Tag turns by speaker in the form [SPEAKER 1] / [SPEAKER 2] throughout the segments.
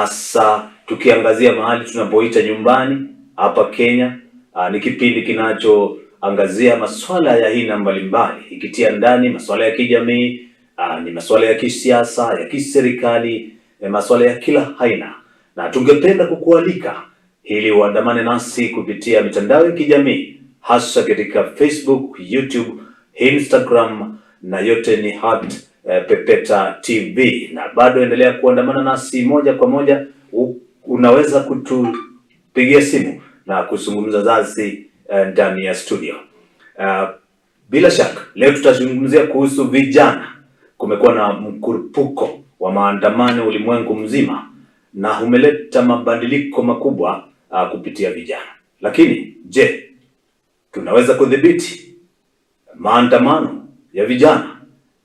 [SPEAKER 1] hasa tukiangazia mahali tunapoita nyumbani hapa Kenya. Uh, ni kipindi kinachoangazia masuala ya aina mbalimbali ikitia ndani masuala ya kijamii, ah, ni masuala ya kisiasa, ya kiserikali, eh, masuala ya kila aina, na tungependa kukualika ili uandamane nasi kupitia mitandao ya kijamii hasa katika Facebook, YouTube, Instagram na yote ni hat Eh, Pepeta TV, na bado endelea kuandamana nasi moja kwa moja. Unaweza kutupigia simu na kuzungumza nasi eh, ndani ya studio. Eh, bila shaka leo tutazungumzia kuhusu vijana. Kumekuwa na mkurupuko wa maandamano ulimwengu mzima na umeleta mabadiliko makubwa uh, kupitia vijana. Lakini je, tunaweza kudhibiti maandamano ya vijana?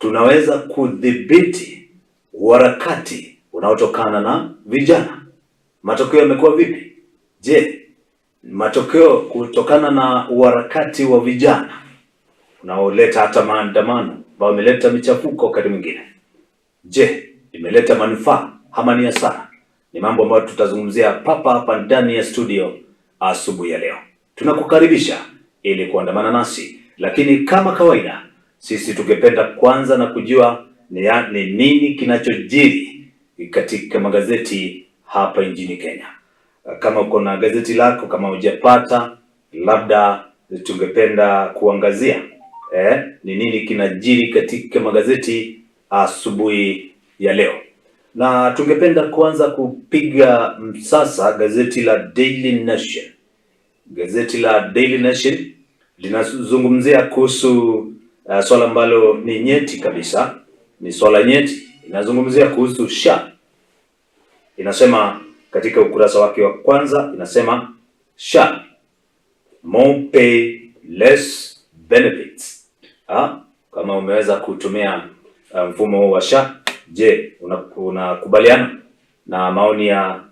[SPEAKER 1] tunaweza kudhibiti uharakati unaotokana na vijana. Matokeo yamekuwa vipi? Je, matokeo kutokana na uharakati wa vijana unaoleta hata maandamano ambayo imeleta michafuko wakati mwingine, je, imeleta manufaa ama ni hasara? Ni mambo ambayo tutazungumzia papa hapa ndani ya studio asubuhi ya leo. Tunakukaribisha ili kuandamana nasi, lakini kama kawaida sisi tungependa kwanza na kujua ni, ni nini kinachojiri katika magazeti hapa nchini Kenya. Kama uko na gazeti lako, kama hujapata, labda tungependa kuangazia eh, ni nini kinajiri katika magazeti asubuhi ya leo, na tungependa kwanza kupiga msasa gazeti la Daily Nation. Gazeti la Daily Nation linazungumzia kuhusu uh, swala ambalo ni nyeti kabisa, ni swala nyeti. Inazungumzia kuhusu SHA. Inasema katika ukurasa wake wa kwanza inasema SHA more pay less benefits. Ha? Ah, kama umeweza kutumia uh, mfumo um, huu wa SHA, je, unakubaliana una na maoni ya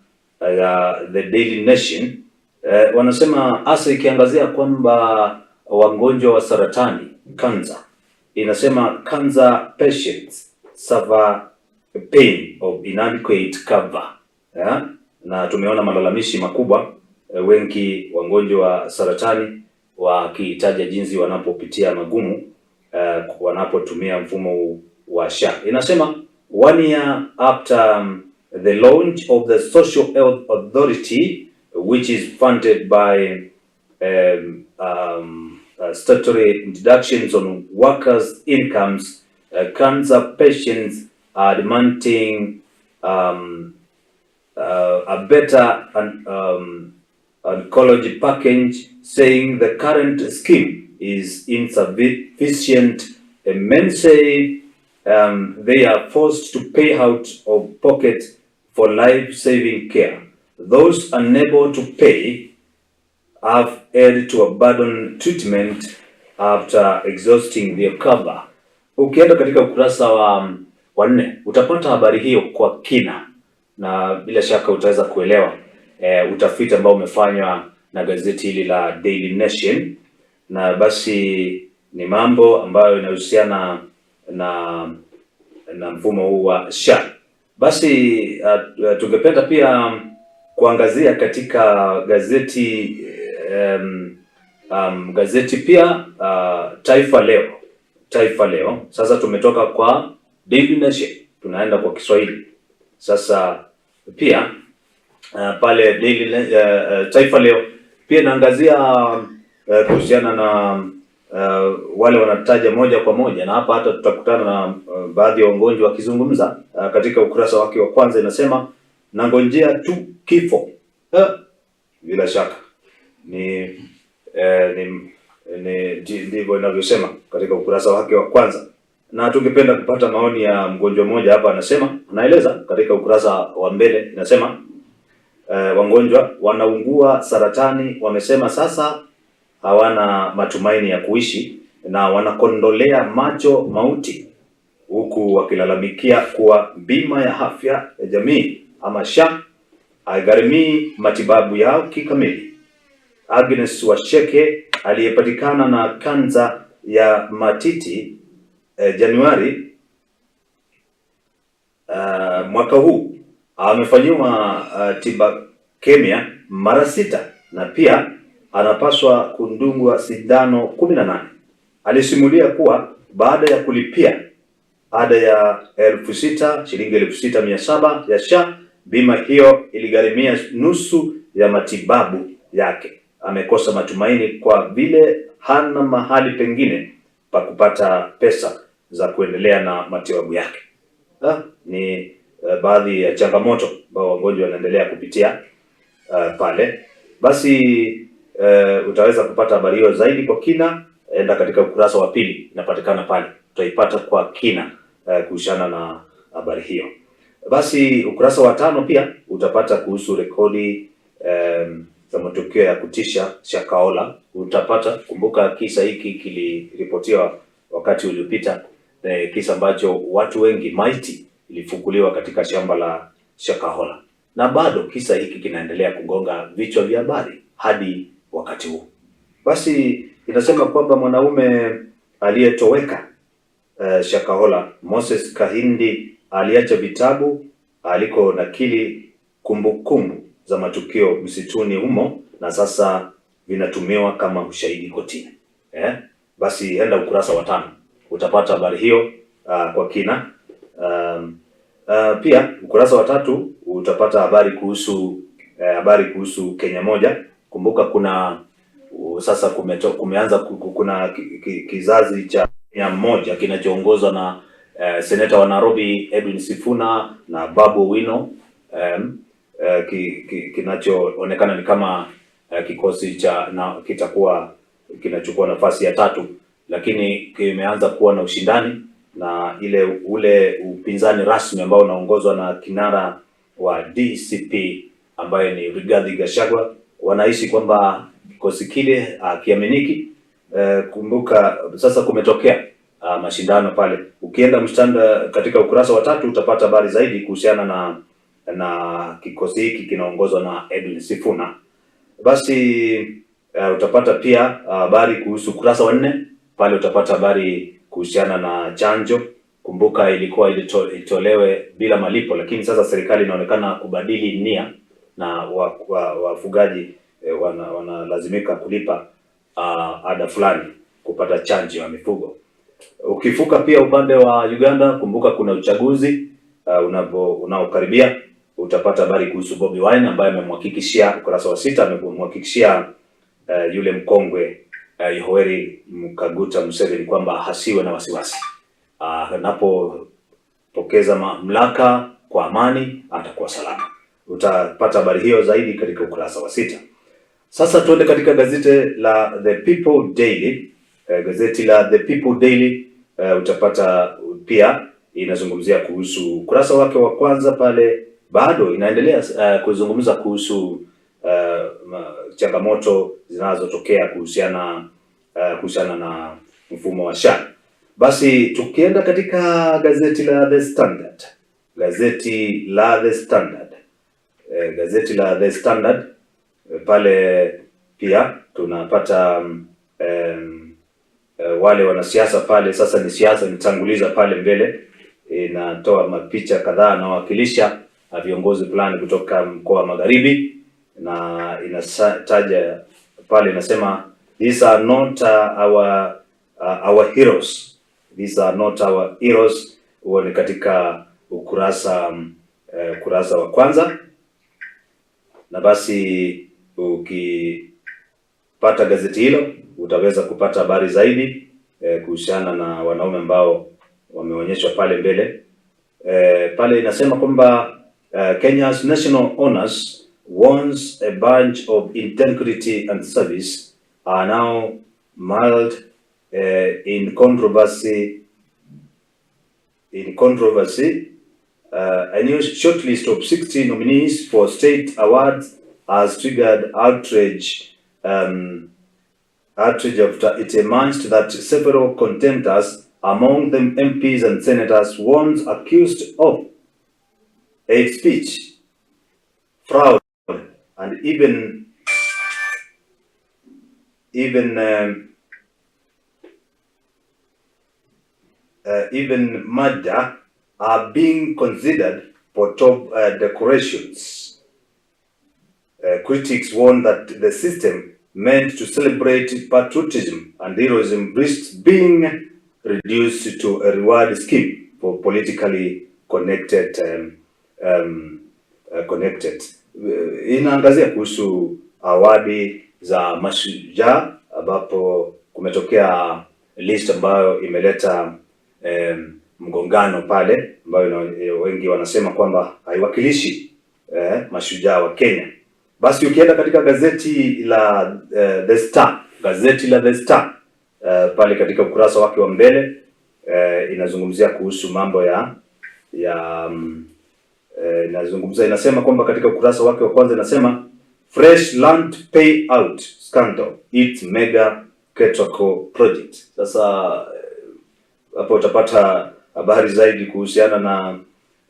[SPEAKER 1] uh, The Daily Nation? eh, wanasema hasa ikiangazia kwamba wagonjwa wa saratani kanza inasema kanza patients suffer pain of inadequate cover yeah? na tumeona malalamishi makubwa eh, wengi wagonjwa wa saratani wakitaja jinsi wanapopitia magumu eh, wanapotumia mfumo wa SHA. Inasema one year after um, the launch of the Social Health Authority which is funded by um, um, uh, statutory deductions on workers' incomes, uh, cancer patients are demanding um, uh, a better um, oncology package, saying the current scheme is insufficient. men say um, they are forced to pay out of pocket for life-saving care. Those unable to pay have had to abandon treatment after exhausting their cover. Ukienda katika ukurasa wa wanne nne utapata habari hiyo kwa kina na bila shaka utaweza kuelewa e, utafiti ambao umefanywa na gazeti hili la Daily Nation, na basi ni mambo ambayo inahusiana na na mfumo huu wa SHA. Basi ah, tungependa pia kuangazia katika gazeti um, um, gazeti pia uh, Taifa Leo, Taifa Leo. Sasa tumetoka kwa Daily Nation tunaenda kwa Kiswahili sasa pia uh, pale Daily uh, uh, Taifa Leo pia inaangazia uh, kuhusiana na uh, wale wanataja moja kwa moja, na hapa hata tutakutana na uh, baadhi ya wagonjwa wakizungumza uh, katika ukurasa wake wa kwanza inasema, nangonjea tu kifo eh, bila shaka ni eh, ni ndivyo inavyosema katika ukurasa wake wa kwanza, na tungependa kupata maoni ya mgonjwa mmoja hapa. Anasema, anaeleza katika ukurasa wa mbele inasema eh, wagonjwa wanaungua saratani wamesema sasa hawana matumaini ya kuishi na wanakondolea macho mauti, huku wakilalamikia kuwa bima ya afya ya jamii ama SHA haigharimii matibabu yao kikamili. Agnes Washeke aliyepatikana na kansa ya matiti eh, Januari uh, mwaka huu amefanyiwa uh, eh, tiba kemia mara sita na pia anapaswa kundungwa sindano kumi na nane. Alisimulia kuwa baada ya kulipia ada ya elfu sita shilingi elfu sita mia saba ya SHA, bima hiyo iligharimia nusu ya matibabu yake amekosa matumaini kwa vile hana mahali pengine pa kupata pesa za kuendelea na matibabu yake. Ha, ah, ni uh, baadhi ya changamoto ambao wagonjwa wanaendelea kupitia uh, pale. Basi uh, utaweza kupata habari hiyo zaidi kwa kina, enda katika ukurasa wa pili, inapatikana pale, utaipata kwa kina uh, kuhusiana na habari hiyo. Basi ukurasa wa tano pia utapata kuhusu rekodi um, za matukio ya kutisha shakaola Utapata kumbuka, kisa hiki kiliripotiwa wakati uliopita, kisa ambacho watu wengi, maiti ilifunguliwa katika shamba la Shakahola, na bado kisa hiki kinaendelea kugonga vichwa vya habari hadi wakati huu. Basi inasema kwamba mwanaume aliyetoweka uh, eh, Shakahola, Moses Kahindi aliacha vitabu aliko nakili kumbukumbu za matukio msituni humo na sasa vinatumiwa kama ushahidi kotini. Eh? Basi enda ukurasa wa tano utapata habari hiyo uh, kwa kina. Um, uh, pia ukurasa wa tatu utapata habari kuhusu eh, habari kuhusu Kenya moja. Kumbuka kuna uh, sasa kumeto, kumeanza kuna kizazi cha Kenya moja kinachoongozwa na eh, seneta wa Nairobi Edwin Sifuna na Babu Wino um, Eh, ki, ki, kinachoonekana ni kama uh, kikosi cha na kitakuwa kinachukua nafasi ya tatu, lakini kimeanza kuwa na ushindani na ile ule upinzani rasmi ambao unaongozwa na kinara wa DCP ambaye ni Rigathi Gachagua, wanahisi kwamba kikosi kile ah, hakiaminiki. Uh, kumbuka sasa kumetokea uh, mashindano pale. Ukienda mstanda katika ukurasa wa tatu utapata habari zaidi kuhusiana na na kikosi hiki kinaongozwa na Edwin Sifuna. Basi uh, utapata pia eh, habari uh, kuhusu kurasa wa nne pale utapata habari kuhusiana na chanjo. Kumbuka ilikuwa itolewe bila malipo, lakini sasa serikali inaonekana kubadili nia na wafugaji wa, wa eh, wanalazimika wana kulipa uh, ada fulani kupata chanjo ya mifugo. Ukifuka pia upande wa Uganda, kumbuka kuna uchaguzi uh, unaokaribia utapata habari kuhusu Bobi Wine ambaye amemhakikishia ukurasa wa sita amemhakikishia uh, yule mkongwe uh, Yoweri Kaguta Museveni kwamba hasiwe na wasiwasi uh, anapopokeza mamlaka kwa amani atakuwa salama. Utapata habari hiyo zaidi katika ukurasa wa sita. Sasa tuende katika eh, gazeti la The People Daily. Uh, gazeti la The People Daily uh, utapata pia inazungumzia kuhusu ukurasa wake wa kwanza pale bado inaendelea uh, kuzungumza kuhusu uh, changamoto zinazotokea kuhusiana uh, kuhusiana na mfumo wa SHA. Basi tukienda katika gazeti la The Standard, gazeti la The Standard eh, gazeti la The Standard eh, pale pia tunapata um, eh, wale wanasiasa pale. Sasa ni siasa nitanguliza pale mbele, inatoa eh, mapicha kadhaa anawakilisha viongozi fulani kutoka mkoa wa Magharibi, na inataja pale inasema these are not our uh, our heroes, these are not our heroes. Huo ni katika ukurasa uh, kurasa wa kwanza, na basi ukipata gazeti hilo utaweza kupata habari zaidi eh, kuhusiana na wanaume ambao wameonyeshwa pale mbele eh, pale inasema kwamba Uh, Kenya's national honors, once a badge of integrity and service, are now marred uh, in controversy. In controversy, uh, a new shortlist of 60 nominees for state awards has triggered outrage. Um, outrage after it emerged that several contenders, among them MPs and senators, once accused of hate speech, fraud, and even even um, uh, even murder are being considered for top uh, decorations. Uh, critics warn that the system meant to celebrate patriotism and heroism risks being reduced to a reward scheme for politically connected um, um, uh, connected uh, inaangazia kuhusu awadi za mashujaa ambapo kumetokea list ambayo imeleta um, mgongano pale ambayo wengi wanasema kwamba haiwakilishi eh, mashujaa wa Kenya. Basi ukienda katika gazeti la uh, The Star, gazeti la The Star uh, pale katika ukurasa wake wa mbele uh, inazungumzia kuhusu mambo ya ya um, eh, inazungumza inasema kwamba katika ukurasa wake wa kwanza inasema Fresh Land Payout Scandal it Mega Ketako Project. Sasa eh, hapo utapata habari zaidi kuhusiana na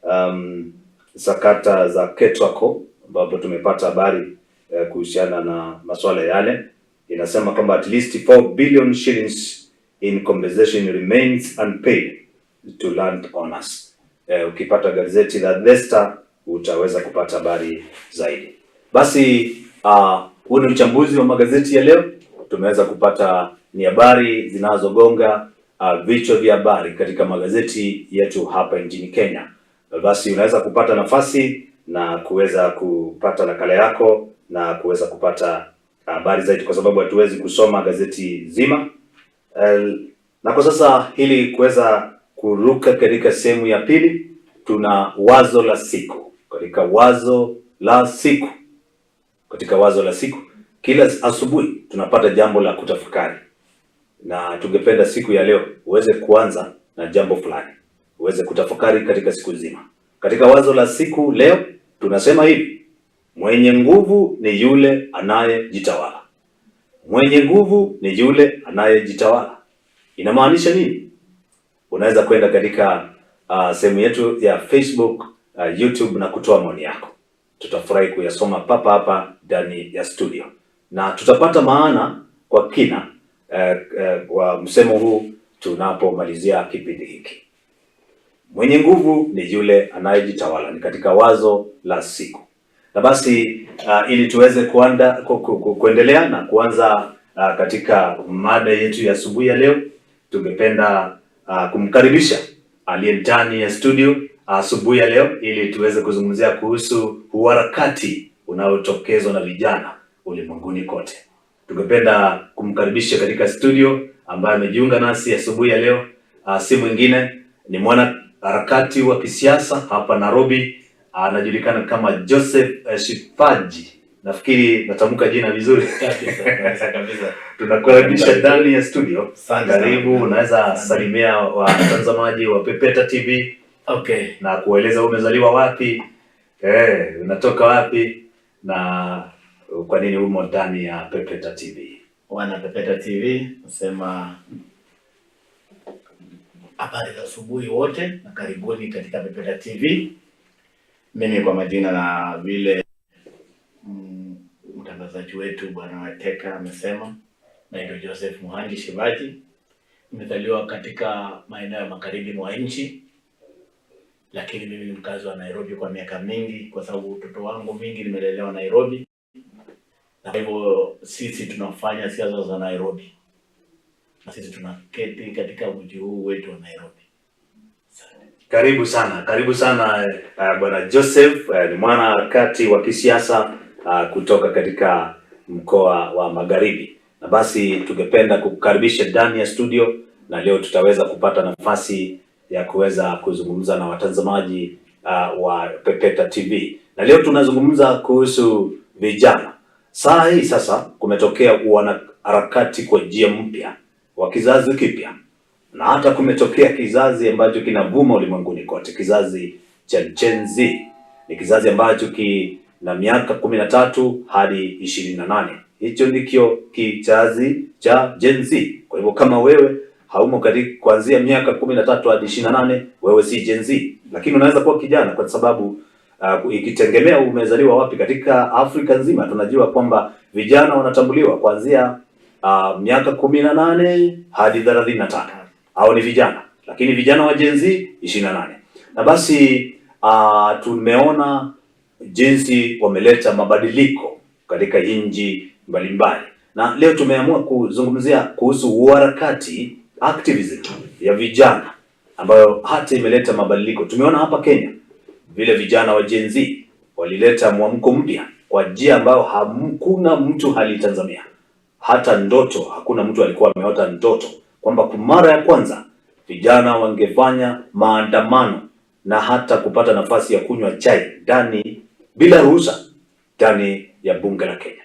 [SPEAKER 1] um, sakata za Ketako ambapo tumepata habari eh, kuhusiana na masuala yale. Inasema kwamba at least 4 billion shillings in compensation remains unpaid to land owners eh, ukipata gazeti la The Star utaweza kupata habari zaidi. Basi ah, huu uh, ni uchambuzi wa magazeti ya leo. Tumeweza kupata ni habari zinazogonga uh, vichwa vya habari katika magazeti yetu hapa nchini Kenya. Basi unaweza kupata nafasi na kuweza kupata nakala yako na kuweza kupata habari zaidi, kwa sababu hatuwezi kusoma gazeti zima uh, na kwa sasa ili kuweza kuruka katika sehemu ya pili, tuna wazo la siku. Katika wazo la siku, katika wazo la siku, kila asubuhi tunapata jambo la kutafakari, na tungependa siku ya leo uweze kuanza na jambo fulani, uweze kutafakari katika siku nzima. Katika wazo la siku leo tunasema hivi: mwenye nguvu ni yule anayejitawala. Mwenye nguvu ni yule anayejitawala. Inamaanisha nini? unaweza kwenda katika uh, sehemu yetu ya Facebook uh, YouTube na kutoa maoni yako. Tutafurahi kuyasoma papa hapa ndani ya studio na tutapata maana kwa kina uh, uh, wa msemo huu tunapomalizia kipindi hiki. Mwenye nguvu ni yule anayejitawala, ni katika wazo la siku. Na basi uh, ili tuweze kuanda, ku, ku, ku, kuendelea na kuanza uh, katika mada yetu ya asubuhi ya leo tungependa uh, kumkaribisha aliye ndani ya studio asubuhi uh, ya leo ili tuweze kuzungumzia kuhusu uharakati unaotokezwa na vijana ulimwenguni kote. Tungependa kumkaribisha katika studio ambaye amejiunga nasi asubuhi ya, ya leo uh, si mwingine ni mwana harakati wa kisiasa hapa Nairobi anajulikana uh, kama Joseph uh, Shifaji Nafikiri natamka jina vizuri kabisa. Tunakukaribisha ndani ya studio. Karibu, unaweza salimia watazamaji wa Pepeta TV. Okay. Na kueleza umezaliwa wapi, eh, unatoka wapi na kwa nini umo ndani ya Pepeta TV.
[SPEAKER 2] Wana Pepeta TV, nasema habari za asubuhi wote na karibuni katika Pepeta TV. Mimi kwa majina na vile mtangazaji wetu Bwana Wateka amesema. Naitwa Joseph Muhangi Shibaji, nimezaliwa katika maeneo ya magharibi mwa nchi, lakini mimi ni mkazi wa Nairobi kwa miaka mingi, kwa sababu utoto wangu mingi nimelelewa Nairobi, na kwa hivyo sisi tunafanya siasa za Nairobi na sisi tunaketi katika mji huu wetu wa Nairobi.
[SPEAKER 1] Karibu sana, karibu sana uh, bwana Joseph uh, ni mwanaharakati wa kisiasa uh, kutoka katika mkoa wa Magharibi, na basi tungependa kukukaribisha ndani ya studio, na leo tutaweza kupata nafasi ya kuweza kuzungumza na watazamaji uh, wa Pepeta TV, na leo tunazungumza kuhusu vijana. Saa hii sasa kumetokea wanaharakati kwa njia mpya wa kizazi kipya, na hata kumetokea kizazi ambacho kinavuma ulimwenguni kote, kizazi cha Gen Z. Ni kizazi ambacho ki na miaka kumi na tatu hadi ishirini na nane. Hicho ndicho kizazi cha Gen Z. Kwa hivyo kama wewe haumo katika kuanzia miaka kumi na tatu hadi ishirini na nane, wewe si Gen Z, lakini unaweza kuwa kijana kwa sababu uh, ikitegemea umezaliwa wapi. Katika Afrika nzima tunajua kwamba vijana wanatambuliwa kuanzia uh, miaka kumi na nane hadi thelathini na tano au ni vijana, lakini vijana wa Gen Z ishirini na nane na basi uh, tumeona jinsi wameleta mabadiliko katika nchi mbalimbali, na leo tumeamua kuzungumzia kuhusu uharakati activism ya vijana ambayo hata imeleta mabadiliko. Tumeona hapa Kenya vile vijana wa Gen Z walileta mwamko mpya kwa njia ambayo hakuna mtu alitazamia, hata ndoto hakuna mtu alikuwa ameota ndoto kwamba kwa mara ya kwanza vijana wangefanya maandamano na hata kupata nafasi ya kunywa chai ndani bila ruhusa ndani ya bunge la Kenya.